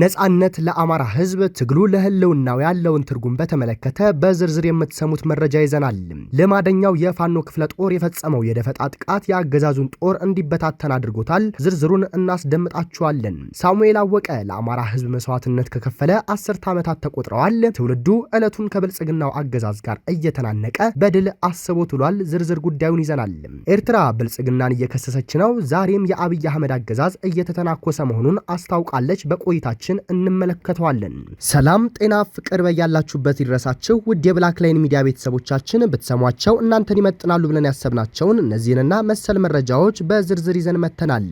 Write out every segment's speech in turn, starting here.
ነጻነት ለአማራ ህዝብ ትግሉ ለህልውናው ያለውን ትርጉም በተመለከተ በዝርዝር የምትሰሙት መረጃ ይዘናል። ልማደኛው የፋኖ ክፍለ ጦር የፈጸመው የደፈጣ ጥቃት የአገዛዙን ጦር እንዲበታተን አድርጎታል። ዝርዝሩን እናስደምጣችኋለን። ሳሙኤል አወቀ ለአማራ ህዝብ መስዋዕትነት ከከፈለ አስርተ ዓመታት ተቆጥረዋል። ትውልዱ ዕለቱን ከብልጽግናው አገዛዝ ጋር እየተናነቀ በድል አስቦ ትሏል። ዝርዝር ጉዳዩን ይዘናል። ኤርትራ ብልጽግናን እየከሰሰች ነው። ዛሬም የአብይ አህመድ አገዛዝ እየተተናኮሰ መሆኑን አስታውቃለች። በቆይታችን ፕሮግራማችን እንመለከተዋለን። ሰላም፣ ጤና፣ ፍቅር በያላችሁበት ይድረሳችሁ ውድ የብላክ ላይን ሚዲያ ቤተሰቦቻችን ብትሰሟቸው እናንተን ይመጥናሉ ብለን ያሰብናቸውን እነዚህንና መሰል መረጃዎች በዝርዝር ይዘን መተናል።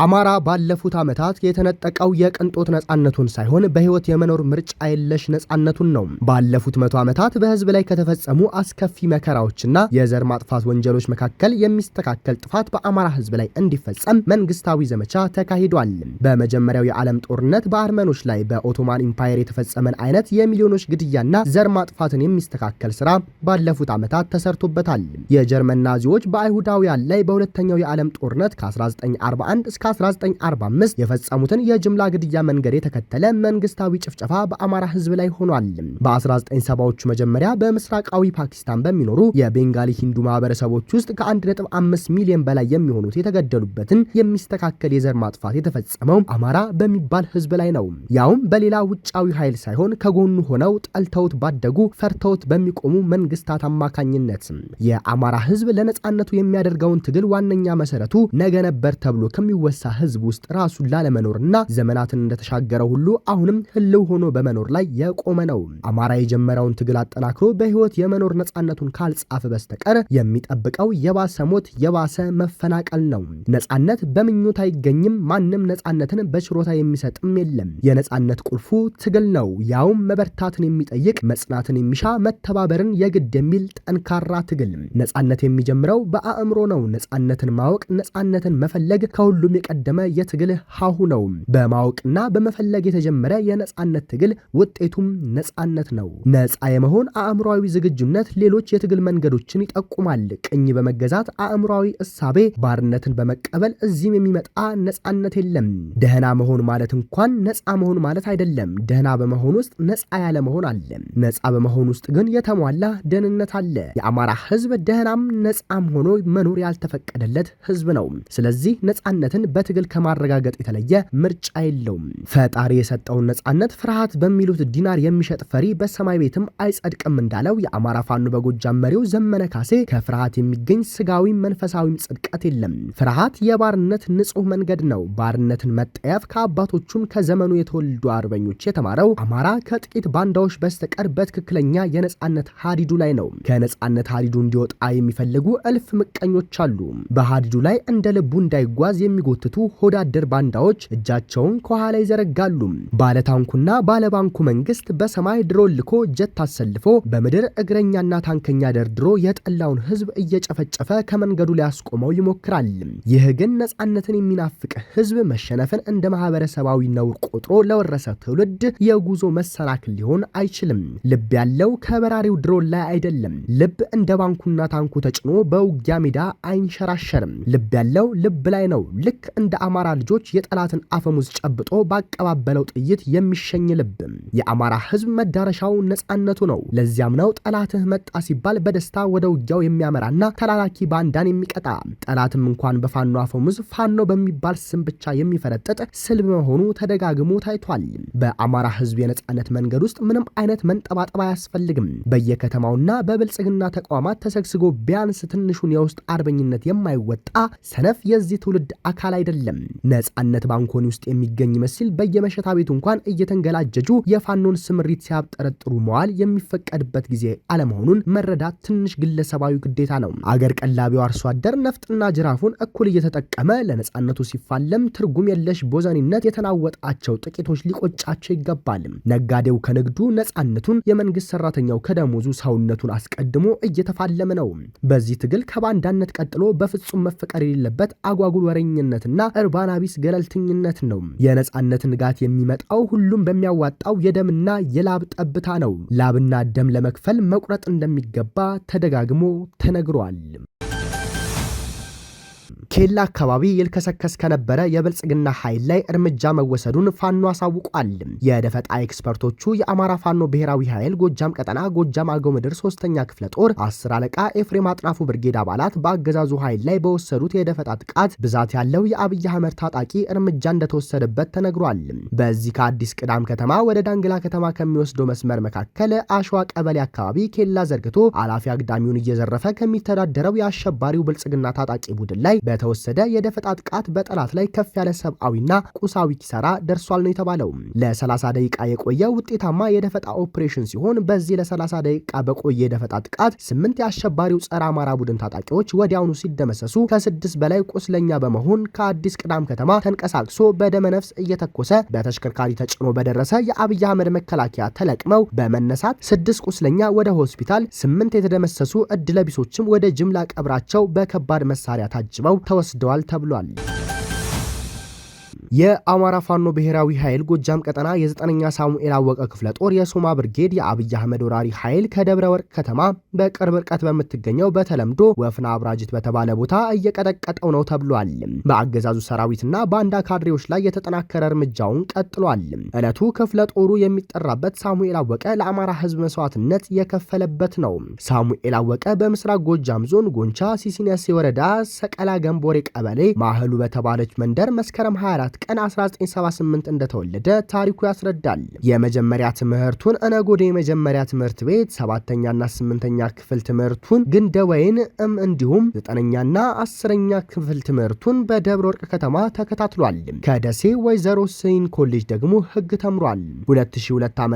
አማራ ባለፉት ዓመታት የተነጠቀው የቅንጦት ነጻነቱን ሳይሆን በህይወት የመኖር ምርጫ የለሽ ነጻነቱን ነው። ባለፉት መቶ ዓመታት በህዝብ ላይ ከተፈጸሙ አስከፊ መከራዎችና የዘር ማጥፋት ወንጀሎች መካከል የሚስተካከል ጥፋት በአማራ ህዝብ ላይ እንዲፈጸም መንግስታዊ ዘመቻ ተካሂዷል። በመጀመሪያው የዓለም ጦርነት በአርመኖች ላይ በኦቶማን ኢምፓየር የተፈጸመን አይነት የሚሊዮኖች ግድያና ዘር ማጥፋትን የሚስተካከል ስራ ባለፉት ዓመታት ተሰርቶበታል። የጀርመን ናዚዎች በአይሁዳውያን ላይ በሁለተኛው የዓለም ጦርነት ከ1941 እስከ 1945 የፈጸሙትን የጅምላ ግድያ መንገድ የተከተለ መንግስታዊ ጭፍጨፋ በአማራ ህዝብ ላይ ሆኗል። በ1970ዎቹ መጀመሪያ በምስራቃዊ ፓኪስታን በሚኖሩ የቤንጋሊ ሂንዱ ማህበረሰቦች ውስጥ ከ1.5 ሚሊዮን በላይ የሚሆኑት የተገደሉበትን የሚስተካከል የዘር ማጥፋት የተፈጸመው አማራ በሚባል ህዝብ ላይ ነው። ያውም በሌላ ውጫዊ ኃይል ሳይሆን ከጎኑ ሆነው ጠልተውት ባደጉ ፈርተውት በሚቆሙ መንግስታት አማካኝነት የአማራ ህዝብ ለነጻነቱ የሚያደርገውን ትግል ዋነኛ መሰረቱ ነገ ነበር ተብሎ ከሚወሰ በአንበሳ ህዝብ ውስጥ ራሱን ላለመኖርና ዘመናትን እንደተሻገረ ሁሉ አሁንም ህልው ሆኖ በመኖር ላይ የቆመ ነው። አማራ የጀመረውን ትግል አጠናክሮ በህይወት የመኖር ነጻነቱን ካልጻፈ በስተቀር የሚጠብቀው የባሰ ሞት፣ የባሰ መፈናቀል ነው። ነጻነት በምኞት አይገኝም። ማንም ነጻነትን በችሮታ የሚሰጥም የለም። የነጻነት ቁልፉ ትግል ነው። ያውም መበርታትን የሚጠይቅ መጽናትን የሚሻ መተባበርን የግድ የሚል ጠንካራ ትግል። ነጻነት የሚጀምረው በአእምሮ ነው። ነጻነትን ማወቅ፣ ነጻነትን መፈለግ ከሁሉም የቀደመ የትግል ሀሁ ነው። በማወቅና በመፈለግ የተጀመረ የነጻነት ትግል ውጤቱም ነጻነት ነው። ነጻ የመሆን አእምሯዊ ዝግጁነት ሌሎች የትግል መንገዶችን ይጠቁማል። ቅኝ በመገዛት አእምሯዊ እሳቤ ባርነትን በመቀበል እዚህም የሚመጣ ነጻነት የለም። ደህና መሆን ማለት እንኳን ነጻ መሆን ማለት አይደለም። ደህና በመሆን ውስጥ ነጻ ያለ መሆን አለ። ነጻ በመሆን ውስጥ ግን የተሟላ ደህንነት አለ። የአማራ ህዝብ ደህናም ነጻም ሆኖ መኖር ያልተፈቀደለት ህዝብ ነው። ስለዚህ ነጻነትን በትግል ከማረጋገጥ የተለየ ምርጫ የለውም። ፈጣሪ የሰጠውን ነጻነት ፍርሃት በሚሉት ዲናር የሚሸጥ ፈሪ በሰማይ ቤትም አይጸድቅም እንዳለው የአማራ ፋኖ በጎጃም መሪው ዘመነ ካሴ ከፍርሃት የሚገኝ ስጋዊም መንፈሳዊም ጽድቀት የለም። ፍርሃት የባርነት ንጹህ መንገድ ነው። ባርነትን መጠየፍ ከአባቶቹም ከዘመኑ የተወልዱ አርበኞች የተማረው አማራ ከጥቂት ባንዳዎች በስተቀር በትክክለኛ የነጻነት ሀዲዱ ላይ ነው። ከነጻነት ሀዲዱ እንዲወጣ የሚፈልጉ እልፍ ምቀኞች አሉ። በሀዲዱ ላይ እንደ ልቡ እንዳይጓዝ የሚጎ የሚጎትቱ ሆዳደር ባንዳዎች እጃቸውን ከኋላ ይዘረጋሉ። ባለታንኩና ባለባንኩ መንግስት በሰማይ ድሮን ልኮ ጀት አሰልፎ በምድር እግረኛና ታንከኛ ደርድሮ የጠላውን ህዝብ እየጨፈጨፈ ከመንገዱ ሊያስቆመው ይሞክራል። ይህ ግን ነጻነትን የሚናፍቅ ህዝብ መሸነፍን እንደ ማህበረሰባዊ ነውር ቆጥሮ ለወረሰ ትውልድ የጉዞ መሰናክል ሊሆን አይችልም። ልብ ያለው ከበራሪው ድሮን ላይ አይደለም። ልብ እንደ ባንኩና ታንኩ ተጭኖ በውጊያ ሜዳ አይንሸራሸርም። ልብ ያለው ልብ ላይ ነው። ልክ እንደ አማራ ልጆች የጠላትን አፈሙዝ ጨብጦ ባቀባበለው ጥይት የሚሸኝ ልብም የአማራ ህዝብ መዳረሻው ነጻነቱ ነው። ለዚያም ነው ጠላትህ መጣ ሲባል በደስታ ወደ ውጊያው የሚያመራና ተላላኪ ባንዳን የሚቀጣ ጠላትም እንኳን በፋኖ አፈሙዝ ፋኖ በሚባል ስም ብቻ የሚፈረጥጥ ስልብ መሆኑ ተደጋግሞ ታይቷል። በአማራ ህዝብ የነጻነት መንገድ ውስጥ ምንም አይነት መንጠባጠብ አያስፈልግም። በየከተማውና በብልጽግና ተቋማት ተሰግስጎ ቢያንስ ትንሹን የውስጥ አርበኝነት የማይወጣ ሰነፍ የዚህ ትውልድ አካል አይደለም። ነጻነት ባንኮኒ ውስጥ የሚገኝ መስል በየመሸታ ቤቱ እንኳን እየተንገላጀጁ የፋኖን ስምሪት ሲያብጠረጥሩ መዋል የሚፈቀድበት ጊዜ አለመሆኑን መረዳት ትንሽ ግለሰባዊ ግዴታ ነው። አገር ቀላቢው አርሶ አደር ነፍጥና ጅራፉን እኩል እየተጠቀመ ለነጻነቱ ሲፋለም ትርጉም የለሽ ቦዘኒነት የተናወጣቸው ጥቂቶች ሊቆጫቸው ይገባል። ነጋዴው ከንግዱ ነጻነቱን፣ የመንግስት ሰራተኛው ከደሞዙ ሰውነቱን አስቀድሞ እየተፋለመ ነው። በዚህ ትግል ከባንዳነት ቀጥሎ በፍጹም መፈቀር የሌለበት አጓጉል ወረኝነት ገለልተኝነትና እርባናቢስ ገለልተኝነት ነው። የነጻነት ንጋት የሚመጣው ሁሉም በሚያዋጣው የደምና የላብ ጠብታ ነው። ላብና ደም ለመክፈል መቁረጥ እንደሚገባ ተደጋግሞ ተነግሯል። ኬላ አካባቢ ይልከሰከስ ከነበረ የብልጽግና ኃይል ላይ እርምጃ መወሰዱን ፋኖ አሳውቋል። የደፈጣ ኤክስፐርቶቹ የአማራ ፋኖ ብሔራዊ ኃይል ጎጃም ቀጠና ጎጃም አገው ምድር ሶስተኛ ክፍለ ጦር አስር አለቃ ኤፍሬም አጥናፉ ብርጌድ አባላት በአገዛዙ ኃይል ላይ በወሰዱት የደፈጣ ጥቃት ብዛት ያለው የአብይ አህመድ ታጣቂ እርምጃ እንደተወሰደበት ተነግሯል። በዚህ ከአዲስ ቅዳም ከተማ ወደ ዳንግላ ከተማ ከሚወስደው መስመር መካከል አሸዋ ቀበሌ አካባቢ ኬላ ዘርግቶ አላፊ አግዳሚውን እየዘረፈ ከሚተዳደረው የአሸባሪው ብልጽግና ታጣቂ ቡድን ላይ በተወሰደ የደፈጣ ጥቃት በጠላት ላይ ከፍ ያለ ሰብአዊና ቁሳዊ ኪሳራ ደርሷል ነው የተባለው። ለ30 ደቂቃ የቆየ ውጤታማ የደፈጣ ኦፕሬሽን ሲሆን በዚህ ለ30 ደቂቃ በቆየ የደፈጣ ጥቃት ስምንት የአሸባሪው ጸረ አማራ ቡድን ታጣቂዎች ወዲያውኑ ሲደመሰሱ ከስድስት በላይ ቁስለኛ በመሆን ከአዲስ ቅዳም ከተማ ተንቀሳቅሶ በደመነፍስ እየተኮሰ በተሽከርካሪ ተጭኖ በደረሰ የአብይ አህመድ መከላከያ ተለቅመው በመነሳት ስድስት ቁስለኛ ወደ ሆስፒታል፣ ስምንት የተደመሰሱ እድለቢሶችም ወደ ጅምላ ቀብራቸው በከባድ መሳሪያ ታጅበው ተጠርጥረው ተወስደዋል ተብሏል። የአማራ ፋኖ ብሔራዊ ኃይል ጎጃም ቀጠና የዘጠነኛ ሳሙኤል አወቀ ክፍለ ጦር የሶማ ብርጌድ የአብይ አህመድ ወራሪ ኃይል ከደብረ ወርቅ ከተማ በቅርብ ርቀት በምትገኘው በተለምዶ ወፍና አብራጅት በተባለ ቦታ እየቀጠቀጠው ነው ተብሏል። በአገዛዙ ሰራዊትና ባንዳ ካድሬዎች ላይ የተጠናከረ እርምጃውን ቀጥሏል። እለቱ ክፍለ ጦሩ የሚጠራበት ሳሙኤል አወቀ ለአማራ ህዝብ መስዋዕትነት የከፈለበት ነው። ሳሙኤል አወቀ በምስራቅ ጎጃም ዞን ጎንቻ ሲሲነሴ ወረዳ ሰቀላ ገንቦሬ ቀበሌ ማህሉ በተባለች መንደር መስከረም 24 ቀን 1978 እንደተወለደ ታሪኩ ያስረዳል። የመጀመሪያ ትምህርቱን እነጎደ የመጀመሪያ ትምህርት ቤት፣ ሰባተኛና ስምንተኛ ክፍል ትምህርቱን ግንደወይን እም እንዲሁም ዘጠነኛና አስረኛ ክፍል ትምህርቱን በደብረ ወርቅ ከተማ ተከታትሏል። ከደሴ ወይዘሮ ስይን ኮሌጅ ደግሞ ህግ ተምሯል። 2002 ዓ.ም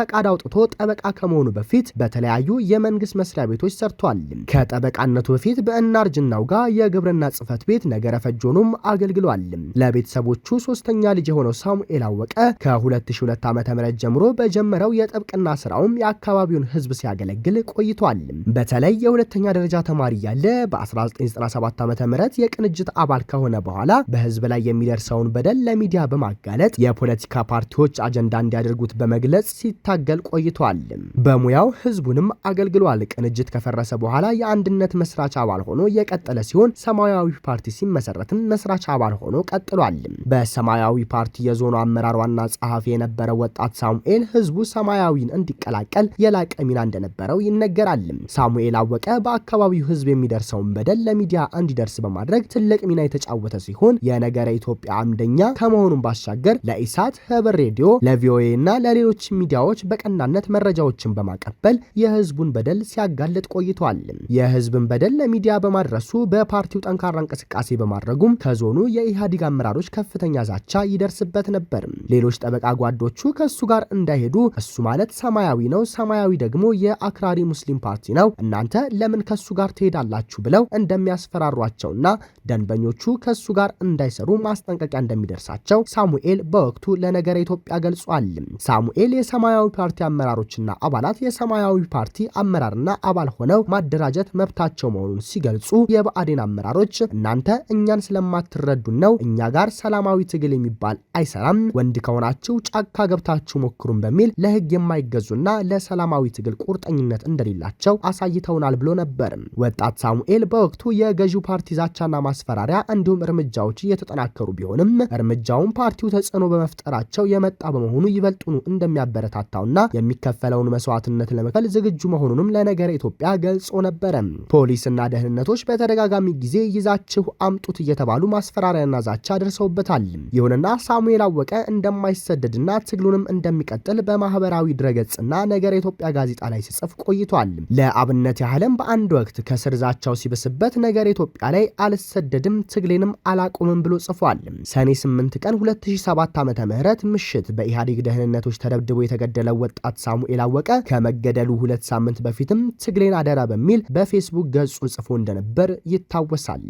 ፈቃድ አውጥቶ ጠበቃ ከመሆኑ በፊት በተለያዩ የመንግስት መስሪያ ቤቶች ሰርቷል። ከጠበቃነቱ በፊት በእናርጅናው ጋር የግብርና ጽህፈት ቤት ነገረ ፈጆኑም አገልግሏል። ለቤተሰቦች የወላጆቹ ሶስተኛ ልጅ የሆነው ሳሙኤል አወቀ ከ2002 ዓ ም ጀምሮ በጀመረው የጥብቅና ስራውም የአካባቢውን ህዝብ ሲያገለግል ቆይቷል። በተለይ የሁለተኛ ደረጃ ተማሪ ያለ በ1997 ዓ ም የቅንጅት አባል ከሆነ በኋላ በህዝብ ላይ የሚደርሰውን በደል ለሚዲያ በማጋለጥ የፖለቲካ ፓርቲዎች አጀንዳ እንዲያደርጉት በመግለጽ ሲታገል ቆይቷል። በሙያው ህዝቡንም አገልግሏል። ቅንጅት ከፈረሰ በኋላ የአንድነት መስራች አባል ሆኖ የቀጠለ ሲሆን ሰማያዊ ፓርቲ ሲመሰረትም መስራች አባል ሆኖ ቀጥሏል። በሰማያዊ ፓርቲ የዞኑ አመራር ዋና ጸሐፊ የነበረ ወጣት ሳሙኤል ህዝቡ ሰማያዊን እንዲቀላቀል የላቀ ሚና እንደነበረው ይነገራል። ሳሙኤል አወቀ በአካባቢው ህዝብ የሚደርሰውን በደል ለሚዲያ እንዲደርስ በማድረግ ትልቅ ሚና የተጫወተ ሲሆን የነገረ ኢትዮጵያ አምደኛ ከመሆኑን ባሻገር ለኢሳት ህብር ሬዲዮ፣ ለቪኦኤ እና ለሌሎች ሚዲያዎች በቀናነት መረጃዎችን በማቀበል የህዝቡን በደል ሲያጋልጥ ቆይቷል። የህዝብን በደል ለሚዲያ በማድረሱ በፓርቲው ጠንካራ እንቅስቃሴ በማድረጉም ከዞኑ የኢህአዴግ አመራሮች ከፍ ከፍተኛ ዛቻ ይደርስበት ነበር። ሌሎች ጠበቃ ጓዶቹ ከእሱ ጋር እንዳይሄዱ እሱ ማለት ሰማያዊ ነው፣ ሰማያዊ ደግሞ የአክራሪ ሙስሊም ፓርቲ ነው፣ እናንተ ለምን ከሱ ጋር ትሄዳላችሁ ብለው እንደሚያስፈራሯቸውና ደንበኞቹ ከሱ ጋር እንዳይሰሩ ማስጠንቀቂያ እንደሚደርሳቸው ሳሙኤል በወቅቱ ለነገረ ኢትዮጵያ ገልጿል። ሳሙኤል የሰማያዊ ፓርቲ አመራሮችና አባላት የሰማያዊ ፓርቲ አመራርና አባል ሆነው ማደራጀት መብታቸው መሆኑን ሲገልጹ የብአዴን አመራሮች እናንተ እኛን ስለማትረዱን ነው እኛ ጋር ሰላም ሰላማዊ ትግል የሚባል አይሰራም። ወንድ ከሆናችሁ ጫካ ገብታችሁ ሞክሩን በሚል ለህግ የማይገዙና ለሰላማዊ ትግል ቁርጠኝነት እንደሌላቸው አሳይተውናል ብሎ ነበር። ወጣት ሳሙኤል በወቅቱ የገዢው ፓርቲ ዛቻና ማስፈራሪያ እንዲሁም እርምጃዎች እየተጠናከሩ ቢሆንም እርምጃውን ፓርቲው ተጽዕኖ በመፍጠራቸው የመጣ በመሆኑ ይበልጡኑ እንደሚያበረታታውና የሚከፈለውን መስዋዕትነት ለመክፈል ዝግጁ መሆኑንም ለነገረ ኢትዮጵያ ገልጾ ነበረ። ፖሊስና ደህንነቶች በተደጋጋሚ ጊዜ ይዛችሁ አምጡት እየተባሉ ማስፈራሪያና ዛቻ ደርሰውበታል። ይላል። ይሁንና ሳሙኤል አወቀ እንደማይሰደድና ትግሉንም እንደሚቀጥል በማህበራዊ ድረገጽና ነገር የኢትዮጵያ ጋዜጣ ላይ ሲጽፍ ቆይቷል። ለአብነት ያህልም በአንድ ወቅት ከስር ዛቻው ሲብስበት ነገር ኢትዮጵያ ላይ አልሰደድም ትግሌንም አላቁምም ብሎ ጽፏል። ሰኔ 8 ቀን 2007 ዓመተ ምህረት ምሽት በኢህአዴግ ደህንነቶች ተደብድቦ የተገደለው ወጣት ሳሙኤል አወቀ ከመገደሉ ሁለት ሳምንት በፊትም ትግሌን አደራ በሚል በፌስቡክ ገጹ ጽፎ እንደነበር ይታወሳል።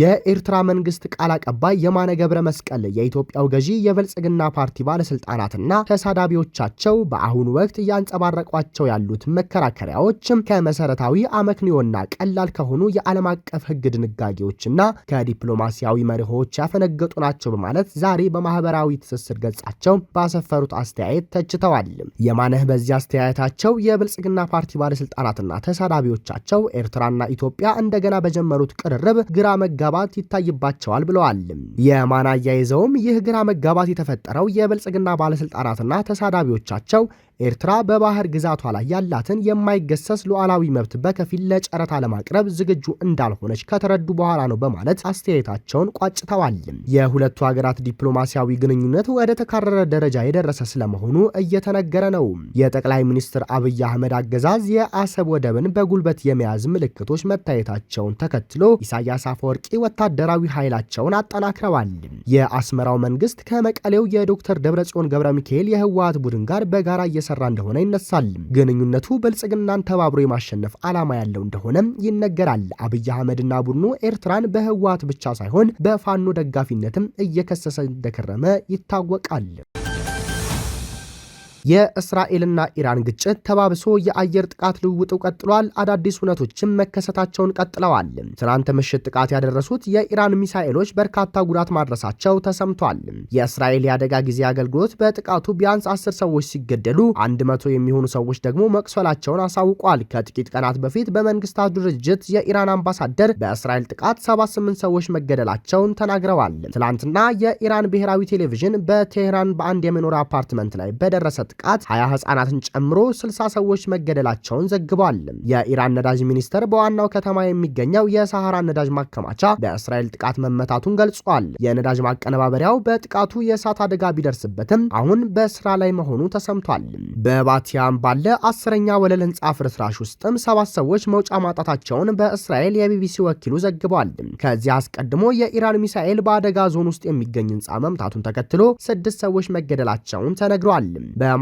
የኤርትራ መንግስት ቃል አቀባይ የማነ ገብረ መስቀል የኢትዮጵያው ገዢ የብልጽግና ፓርቲ ባለስልጣናትና ተሳዳቢዎቻቸው በአሁኑ ወቅት እያንጸባረቋቸው ያሉት መከራከሪያዎች ከመሰረታዊ አመክንዮና ቀላል ከሆኑ የዓለም አቀፍ ሕግ ድንጋጌዎችና ከዲፕሎማሲያዊ መርሆች ያፈነገጡ ናቸው በማለት ዛሬ በማህበራዊ ትስስር ገጻቸው ባሰፈሩት አስተያየት ተችተዋል። የማነህ በዚህ አስተያየታቸው የብልጽግና ፓርቲ ባለስልጣናትና ተሳዳቢዎቻቸው ኤርትራና ኢትዮጵያ እንደገና በጀመሩት ቅርርብ ግራ መ መጋባት ይታይባቸዋል ብለዋል። የማን አያይዘውም ይህ ግራ መጋባት የተፈጠረው የብልጽግና ባለስልጣናትና ተሳዳቢዎቻቸው ኤርትራ በባህር ግዛቷ ላይ ያላትን የማይገሰስ ሉዓላዊ መብት በከፊል ለጨረታ ለማቅረብ ዝግጁ እንዳልሆነች ከተረዱ በኋላ ነው በማለት አስተያየታቸውን ቋጭተዋል። የሁለቱ ሀገራት ዲፕሎማሲያዊ ግንኙነት ወደ ተካረረ ደረጃ የደረሰ ስለመሆኑ እየተነገረ ነው። የጠቅላይ ሚኒስትር አብይ አህመድ አገዛዝ የአሰብ ወደብን በጉልበት የመያዝ ምልክቶች መታየታቸውን ተከትሎ ኢሳያስ አፈወርቂ ወታደራዊ ኃይላቸውን አጠናክረዋል። የአስመራው መንግስት ከመቀሌው የዶክተር ደብረጽዮን ገብረ ሚካኤል የህወሀት ቡድን ጋር በጋራ እየ እየሰራ እንደሆነ ይነሳል። ግንኙነቱ ብልጽግናን ተባብሮ የማሸነፍ ዓላማ ያለው እንደሆነም ይነገራል። አብይ አህመድና ቡድኑ ኤርትራን በህወሀት ብቻ ሳይሆን በፋኖ ደጋፊነትም እየከሰሰ እንደከረመ ይታወቃል። የእስራኤልና ኢራን ግጭት ተባብሶ የአየር ጥቃት ልውውጡ ቀጥሏል። አዳዲስ ሁነቶችም መከሰታቸውን ቀጥለዋል። ትናንት ምሽት ጥቃት ያደረሱት የኢራን ሚሳኤሎች በርካታ ጉዳት ማድረሳቸው ተሰምቷል። የእስራኤል የአደጋ ጊዜ አገልግሎት በጥቃቱ ቢያንስ አስር ሰዎች ሲገደሉ አንድ መቶ የሚሆኑ ሰዎች ደግሞ መቁሰላቸውን አሳውቋል። ከጥቂት ቀናት በፊት በመንግስታቱ ድርጅት የኢራን አምባሳደር በእስራኤል ጥቃት 78 ሰዎች መገደላቸውን ተናግረዋል። ትናንትና የኢራን ብሔራዊ ቴሌቪዥን በቴህራን በአንድ የመኖሪያ አፓርትመንት ላይ በደረሰ ጥቃት 20 ህጻናትን ጨምሮ 60 ሰዎች መገደላቸውን ዘግቧል። የኢራን ነዳጅ ሚኒስቴር በዋናው ከተማ የሚገኘው የሳሐራ ነዳጅ ማከማቻ በእስራኤል ጥቃት መመታቱን ገልጿል። የነዳጅ ማቀነባበሪያው በጥቃቱ የእሳት አደጋ ቢደርስበትም አሁን በስራ ላይ መሆኑ ተሰምቷል። በባቲያም ባለ አስረኛ ወለል ህንፃ ፍርስራሽ ውስጥም ሰባት ሰዎች መውጫ ማጣታቸውን በእስራኤል የቢቢሲ ወኪሉ ዘግቧል። ከዚህ አስቀድሞ የኢራን ሚሳኤል በአደጋ ዞን ውስጥ የሚገኝ ህንፃ መምታቱን ተከትሎ ስድስት ሰዎች መገደላቸውን ተነግሯል።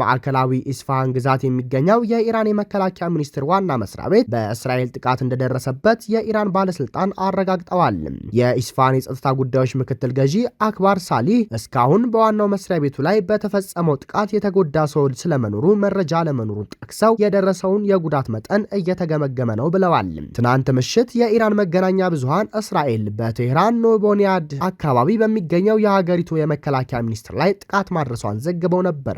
በማዕከላዊ ኢስፋሃን ግዛት የሚገኘው የኢራን የመከላከያ ሚኒስቴር ዋና መስሪያ ቤት በእስራኤል ጥቃት እንደደረሰበት የኢራን ባለስልጣን አረጋግጠዋል። የኢስፋሃን የጸጥታ ጉዳዮች ምክትል ገዢ አክባር ሳሊህ እስካሁን በዋናው መስሪያ ቤቱ ላይ በተፈጸመው ጥቃት የተጎዳ ሰው ስለመኖሩ መረጃ ለመኖሩን ጠቅሰው የደረሰውን የጉዳት መጠን እየተገመገመ ነው ብለዋል። ትናንት ምሽት የኢራን መገናኛ ብዙሃን እስራኤል በቴህራን ኖቦኒያድ አካባቢ በሚገኘው የሀገሪቱ የመከላከያ ሚኒስቴር ላይ ጥቃት ማድረሷን ዘግበው ነበር።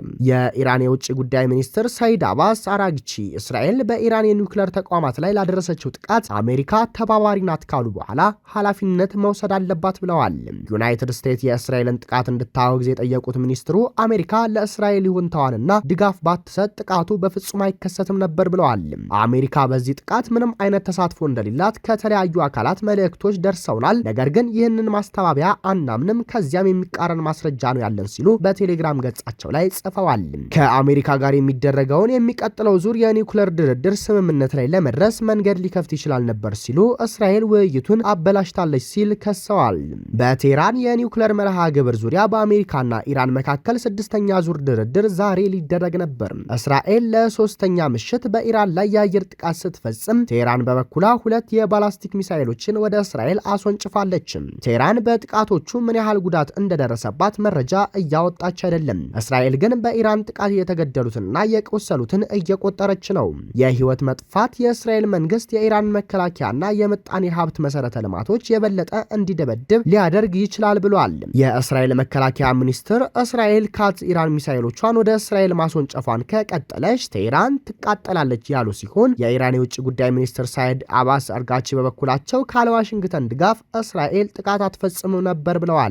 የኢራን የውጭ ጉዳይ ሚኒስትር ሰይድ አባስ አራግቺ እስራኤል በኢራን የኒውክሌር ተቋማት ላይ ላደረሰችው ጥቃት አሜሪካ ተባባሪ ናት ካሉ በኋላ ኃላፊነት መውሰድ አለባት ብለዋል። ዩናይትድ ስቴትስ የእስራኤልን ጥቃት እንድታወግዝ የጠየቁት ሚኒስትሩ አሜሪካ ለእስራኤል ይሁንታዋንና ድጋፍ ባትሰጥ ጥቃቱ በፍጹም አይከሰትም ነበር ብለዋል። አሜሪካ በዚህ ጥቃት ምንም አይነት ተሳትፎ እንደሌላት ከተለያዩ አካላት መልእክቶች ደርሰውናል። ነገር ግን ይህንን ማስተባበያ አናምንም፣ ከዚያም የሚቃረን ማስረጃ ነው ያለን ሲሉ በቴሌግራም ገጻቸው ላይ ጽፈዋል። ከአሜሪካ ጋር የሚደረገውን የሚቀጥለው ዙር የኒውክለር ድርድር ስምምነት ላይ ለመድረስ መንገድ ሊከፍት ይችላል ነበር ሲሉ እስራኤል ውይይቱን አበላሽታለች ሲል ከሰዋል። በቴህራን የኒውክለር መርሃ ግብር ዙሪያ በአሜሪካና ኢራን መካከል ስድስተኛ ዙር ድርድር ዛሬ ሊደረግ ነበር። እስራኤል ለሶስተኛ ምሽት በኢራን ላይ የአየር ጥቃት ስትፈጽም ቴህራን በበኩላ ሁለት የባላስቲክ ሚሳኤሎችን ወደ እስራኤል አስወንጭፋለች። ቴህራን በጥቃቶቹ ምን ያህል ጉዳት እንደደረሰባት መረጃ እያወጣች አይደለም። እስራኤል ግን በኢራን ጥቃት ጥቃት የተገደሉትንና የቆሰሉትን እየቆጠረች ነው። የህይወት መጥፋት የእስራኤል መንግስት የኢራን መከላከያና የምጣኔ ሀብት መሰረተ ልማቶች የበለጠ እንዲደበድብ ሊያደርግ ይችላል ብሏል። የእስራኤል መከላከያ ሚኒስትር እስራኤል ካትዝ ኢራን ሚሳኤሎቿን ወደ እስራኤል ማስወንጨፏን ከቀጠለች ቴህራን ትቃጠላለች ያሉ ሲሆን የኢራን የውጭ ጉዳይ ሚኒስትር ሳይድ አባስ አርጋቺ በበኩላቸው ካለ ዋሽንግተን ድጋፍ እስራኤል ጥቃት አትፈጽም ነበር ብለዋል።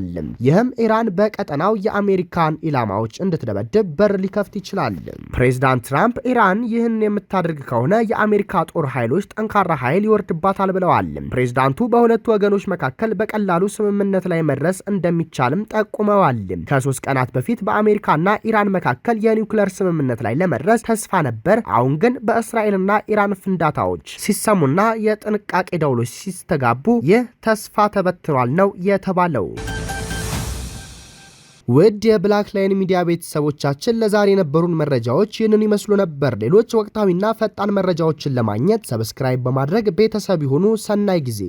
ይህም ኢራን በቀጠናው የአሜሪካን ኢላማዎች እንድትደበድብ በር ሊከፍ ሊከፍት ይችላል። ፕሬዚዳንት ትራምፕ ኢራን ይህን የምታደርግ ከሆነ የአሜሪካ ጦር ኃይሎች ጠንካራ ኃይል ይወርድባታል ብለዋል። ፕሬዚዳንቱ በሁለቱ ወገኖች መካከል በቀላሉ ስምምነት ላይ መድረስ እንደሚቻልም ጠቁመዋል። ከሶስት ቀናት በፊት በአሜሪካና ኢራን መካከል የኒውክለር ስምምነት ላይ ለመድረስ ተስፋ ነበር። አሁን ግን በእስራኤልና ኢራን ፍንዳታዎች ሲሰሙና የጥንቃቄ ደውሎች ሲስተጋቡ ይህ ተስፋ ተበትኗል ነው የተባለው። ውድ የብላክ ላይን ሚዲያ ቤተሰቦቻችን ለዛሬ የነበሩን መረጃዎች ይህንን ይመስሉ ነበር። ሌሎች ወቅታዊና ፈጣን መረጃዎችን ለማግኘት ሰብስክራይብ በማድረግ ቤተሰብ ይሁኑ። ሰናይ ጊዜ